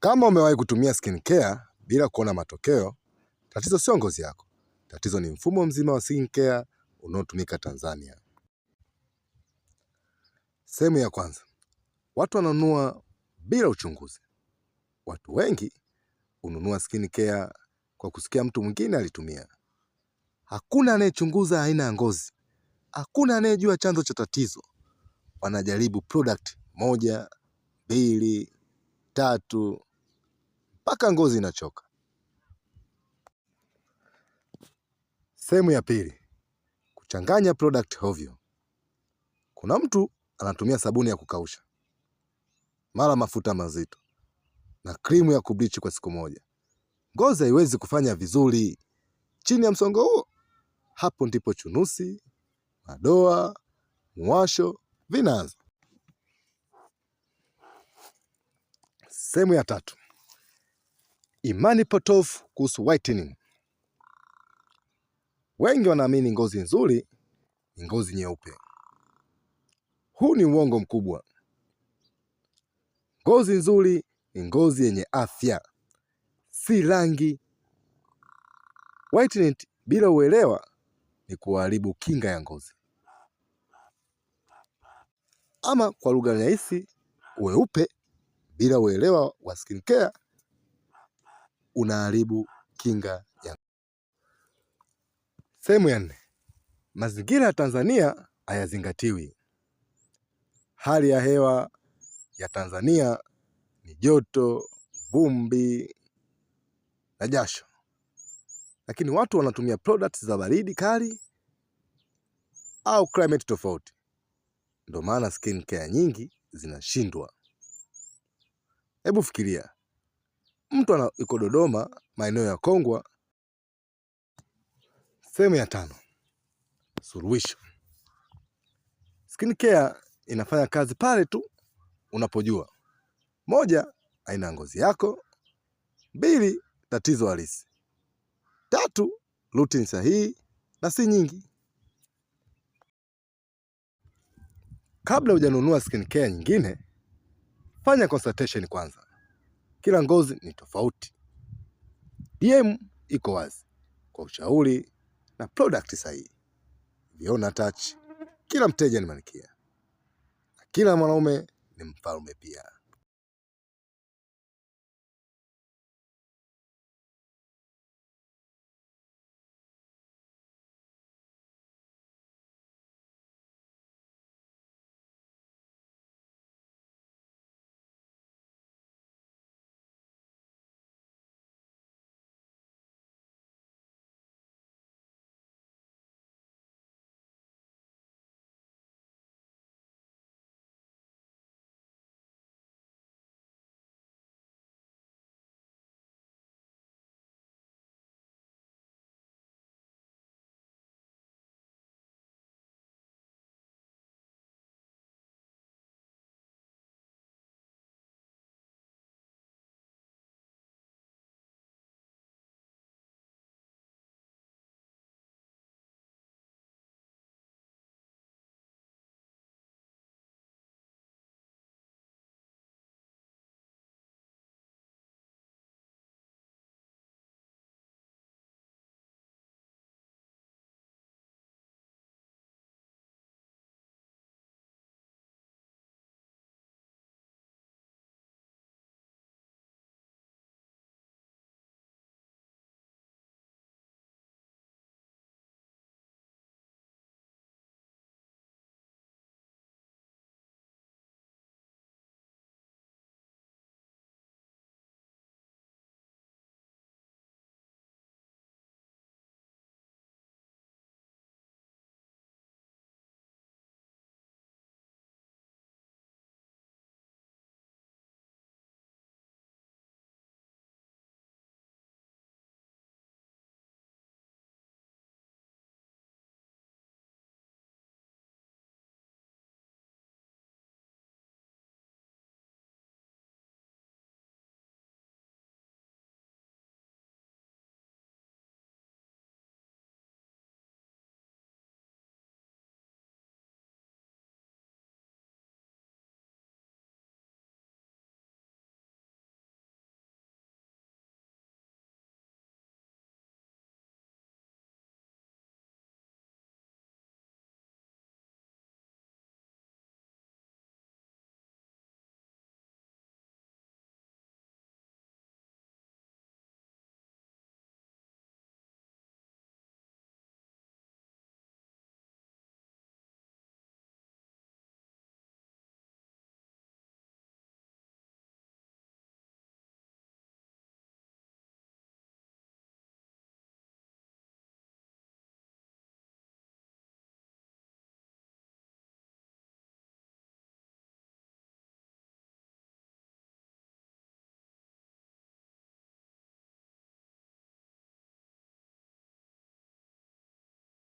Kama umewahi kutumia skincare bila kuona matokeo, tatizo sio ngozi yako. Tatizo ni mfumo mzima wa skincare unaotumika Tanzania. Sehemu ya kwanza, watu wananunua bila uchunguzi. Watu wengi hununua skincare kwa kusikia mtu mwingine alitumia. Hakuna anayechunguza aina ya ngozi, hakuna anayejua chanzo cha tatizo. Wanajaribu product moja, mbili, tatu mpaka ngozi inachoka. Sehemu ya pili, kuchanganya product hovyo. Kuna mtu anatumia sabuni ya kukausha, mara mafuta mazito na krimu ya kublichi kwa siku moja. Ngozi haiwezi kufanya vizuri chini ya msongo huo. Hapo ndipo chunusi, madoa, mwasho vinaanza. Sehemu ya tatu, Imani potofu kuhusu whitening. Wengi wanaamini ngozi nzuri ni ngozi nyeupe. Huu ni uongo mkubwa. Ngozi nzuri ni ngozi yenye afya, si rangi. Whitening bila uelewa ni kuharibu kinga ya ngozi, ama kwa lugha rahisi, weupe bila uelewa wa skincare unaharibu kinga ya. Sehemu ya nne, mazingira ya Tanzania hayazingatiwi. Hali ya hewa ya Tanzania ni joto, vumbi na jasho, lakini watu wanatumia products za baridi kali au climate tofauti. Ndio maana skin care nyingi zinashindwa. Hebu fikiria mtu iko Dodoma maeneo ya Kongwa. Sehemu ya tano, suluhisho. Skin care inafanya kazi pale tu unapojua: moja, aina ya ngozi yako; mbili, tatizo halisi; tatu, routine sahihi na si nyingi. Kabla hujanunua skin care nyingine, fanya consultation kwanza. Kila ngozi ni tofauti. DM iko wazi kwa ushauri na product sahihi. Viona Touch, kila mteja ni malkia na kila mwanaume ni mfalme pia.